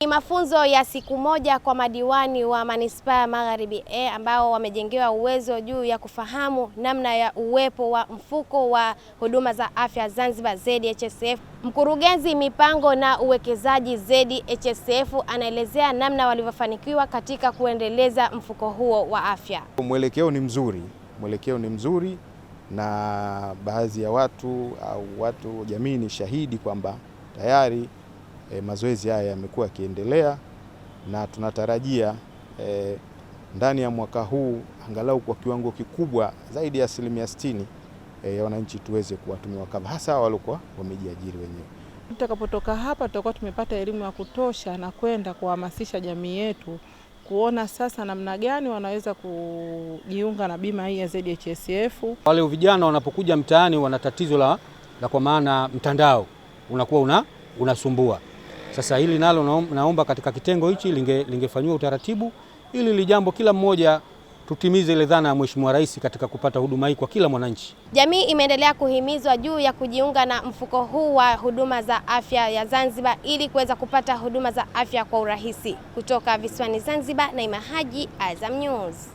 Ni mafunzo ya siku moja kwa madiwani wa manispaa ya Magharibi A eh, ambao wamejengewa uwezo juu ya kufahamu namna ya uwepo wa mfuko wa huduma za afya Zanzibar ZHSF. Mkurugenzi mipango na uwekezaji ZHSF anaelezea namna walivyofanikiwa katika kuendeleza mfuko huo wa afya. Mwelekeo ni mzuri, mwelekeo ni mzuri na baadhi ya watu au watu jamii ni shahidi kwamba tayari e, mazoezi haya yamekuwa yakiendelea na tunatarajia e, ndani ya mwaka huu angalau kwa kiwango kikubwa zaidi ya asilimia sitini e, ya wananchi tuweze kuwatumia wakava hasa walikuwa wamejiajiri wenyewe. Tutakapotoka hapa tutakuwa tumepata elimu ya kutosha na kwenda kuhamasisha jamii yetu kuona sasa namna gani wanaweza kujiunga na bima hii ya ZHSF. Wale vijana wanapokuja mtaani wana tatizo la, la kwa maana mtandao unakuwa una, unasumbua. Sasa hili nalo naomba katika kitengo hichi lingefanyiwa linge utaratibu ili lijambo kila mmoja tutimize ile dhana ya Mheshimiwa Rais katika kupata huduma hii kwa kila mwananchi. Jamii imeendelea kuhimizwa juu ya kujiunga na mfuko huu wa huduma za afya ya Zanzibar ili kuweza kupata huduma za afya kwa urahisi. Kutoka visiwani Zanzibar, Naima Haji, Azam News.